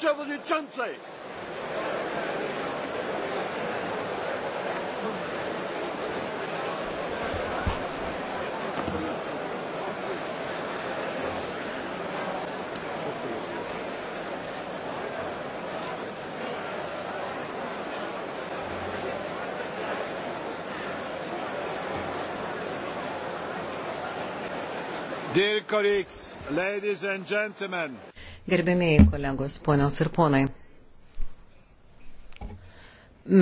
przewodniczącej! Dear colleagues, ladies and gentlemen. Gerbėmėjai kolegos, ponios ir ponai,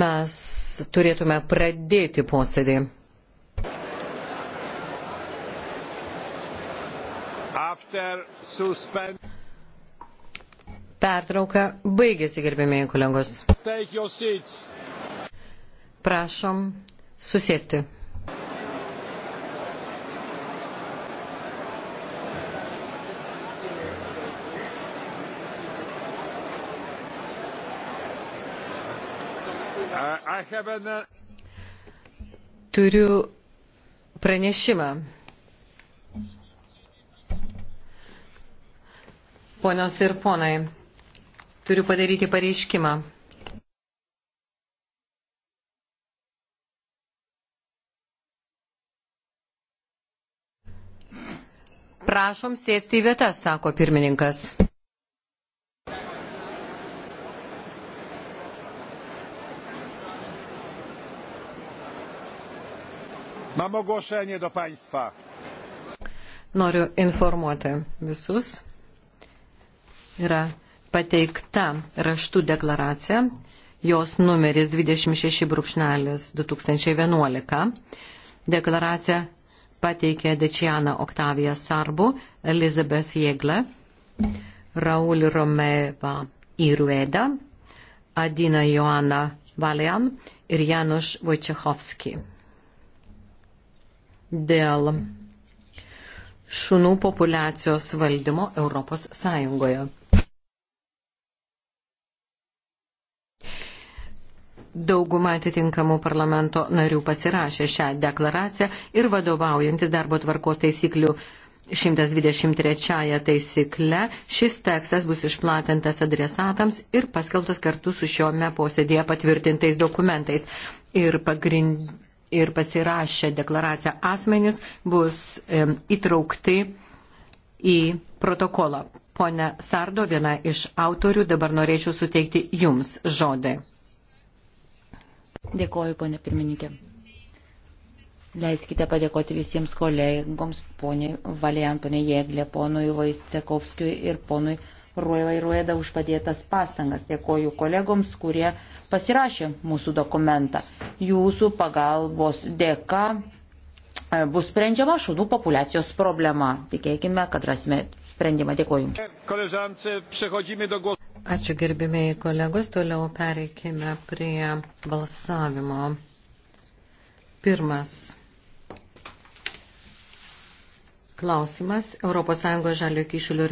mes turėtume pradėti posėdį. Pertrauka baigėsi, gerbėmėjai kolegos. Prašom susėsti. An... Uh, turiu pranešimą. Ponios ir ponai, turiu padaryti pareiškimą. Prašom sėsti į vietas, sako pirmininkas. Mam ogłoszenie do Państwa. Noriu informuoti visus. Yra pateikta raštų deklaracija, jos numeris 26.2011. Deklaracija pateikė Dečiana Oktavija Sarbu, Elizabeth Jėgle, Raul Romeva Irueda, Adina Joana Valian ir Januš Vojčechovski dėl šunų populiacijos valdymo Europos Sąjungoje. Dauguma atitinkamų parlamento narių pasirašė šią deklaraciją ir vadovaujantis darbo tvarkos taisyklių 123 taisykle šis tekstas bus išplatintas adresatams ir paskelbtas kartu su šiome posėdėje patvirtintais dokumentais. Ir pagrindinė ir pasirašę deklaraciją asmenys bus įtraukti į protokolą. Pone Sardo, viena iš autorių, dabar norėčiau suteikti Jums žodį. Dėkoju, ponė pirmininkė. Leiskite padėkoti visiems kolegoms, poniai Valiant, poniai Jėglė, ponui Vaicekovskijui ir ponui Ruojvai Ruojeda už padėtas pastangas. Dėkoju kolegoms, kurie pasirašė mūsų dokumentą jūsų pagalbos dėka e, bus sprendžiama šunų populiacijos problema. Tikėkime, kad rasime sprendimą. Dėkuoju. Ačiū gerbimiai kolegos, toliau pereikime prie balsavimo. Pirmas klausimas. ES žalio kišulio